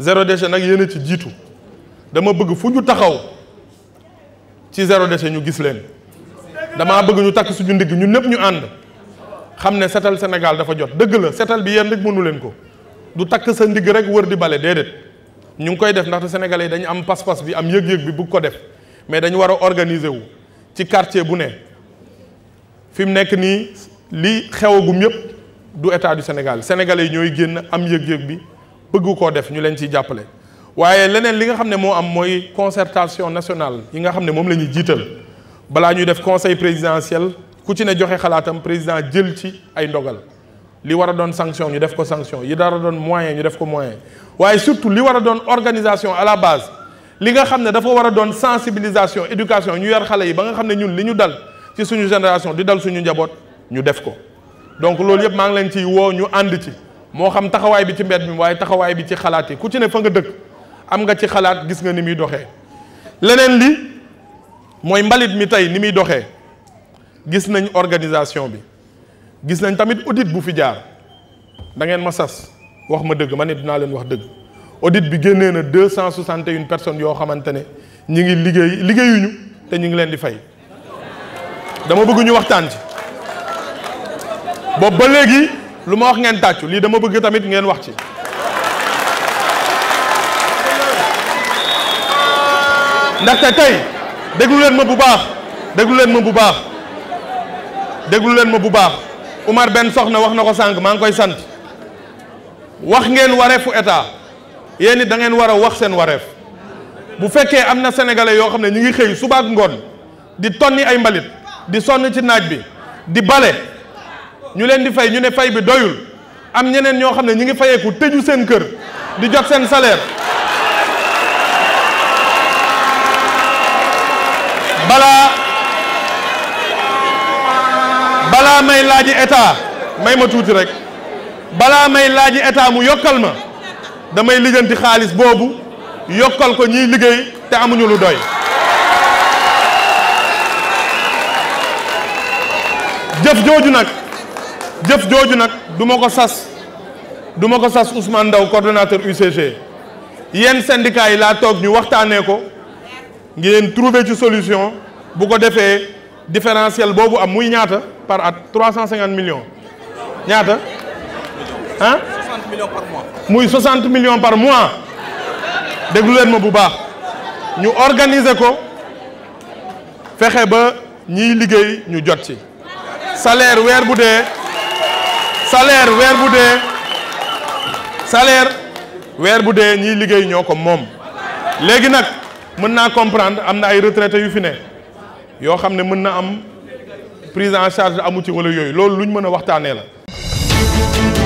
zéro déchet nag yéen a ci jiitu dama bëgg fu ñu taxaw ci zéro déchet ñu gis leen damaa bëgg ñu takk suñu ndigg ñun ñëpp ñu ànd xam ne setal senegal dafa jot dëgg la setal bi yéen rek mënu leen ko du takk sa ndigg rek wër di bale déedéet ñu ngi koy def ndaxte sénégalais yi dañu am pas-pas bi am yëg-yëg bi bëgg ko def mais dañu war a organiser wu ci quartier bu ne fi mu nekk nii li xewagum yëpp du état du Sénégal sénégalais yi ñooy génn am yëg-yëg bi. bëggu koo def ñu leen ci jàppale waaye leneen li nga xam ne moo am mooy concertation nationale yi nga xam ne moom la ñuy jiital balaa ñuy def conseil présidentiel ku ci ne joxe xalaatam président jël ci ay ndogal li war a doon sanction ñu def ko sanction yi dara doon moyen ñu def ko moyen waaye surtout li war a doon organisation à la base li nga xam ne dafa war a doon sensibilisation éducation ñu yar xale yi ba nga xam ne ñun li ñu dal ci suñu génération di dal suñu njaboot ñu def ko donc loolu yëpp maa ngi leen ciy woo ñu ànd ci moo xam taxawaay bi ci mbedd mi waaye taxawaay bi ci xalaat yi ku ci ne fa nga dëkk am nga ci xalaat gis nga ni muy doxe leneen li mooy mbalit mi tey ni muy doxee gis nañ organisation bi gis nañ tamit audite bu fi jaar da ngeen ma sas wax ma dëgg ma ne dinaa leen wax dëgg audite bi génnee na deux cent soixante une personnes yoo xamante ne ñi ngi liggéey liggéeyuñu te ñu ngi leen di fay dama bëgg ñu waxtaan ci boobu ba léegi lu ma wax ngeen tàccu lii dama bëgg tamit ngeen wax ci ndaxte tey déglu leen ma bu baax déglu leen ma bu baax déglu leen ma bu baax Umar Ben soxna wax na ko sànq maa ngi koy sant wax ngeen wareefu état yéen it da ngeen war a wax seen wareef bu fekkee am na sénégalais yoo xam ne ñu ngi xëy suba ak ngoon di tonni ay mbalit di sonn ci naaj bi di bale ñu leen di fay ñu ne fay bi doyul am ñeneen ñoo xam ne ñu ngi fayeeku tëju seen kër di jot seen salaire balaa balaa may laaj état may ma tuuti rek balaa may laaji état mu yokkal ma damay lijjanti xaalis boobu yokkal ko ñuy liggéey te amuñu lu doy jëf jooju nag Jeff jooju nak, du ma ko sas du sas Ousmane Ndaw coordinateur UCG yenn syndicat yi laa toog ñu waxtaanee ko ngeen trouver ci solution bu ko différentiel bobo am muy ñaata par at trois Hein? 60 millions par mois. muy 60 millions par mois déglu leen ma bu baax ñu organiser ko Faire ba ñiy liggéey ñu jot ci salaire weer bu dee salaire weer bu dee salaire weer bu dee ñiy liggéey ñoo ko moom léegi nag mën naa comprendre am na ay retraités yu fi ne yoo xam ne mën na am prise en charge amu ci wala yooyu loolu lu ñu mën a waxtaanee la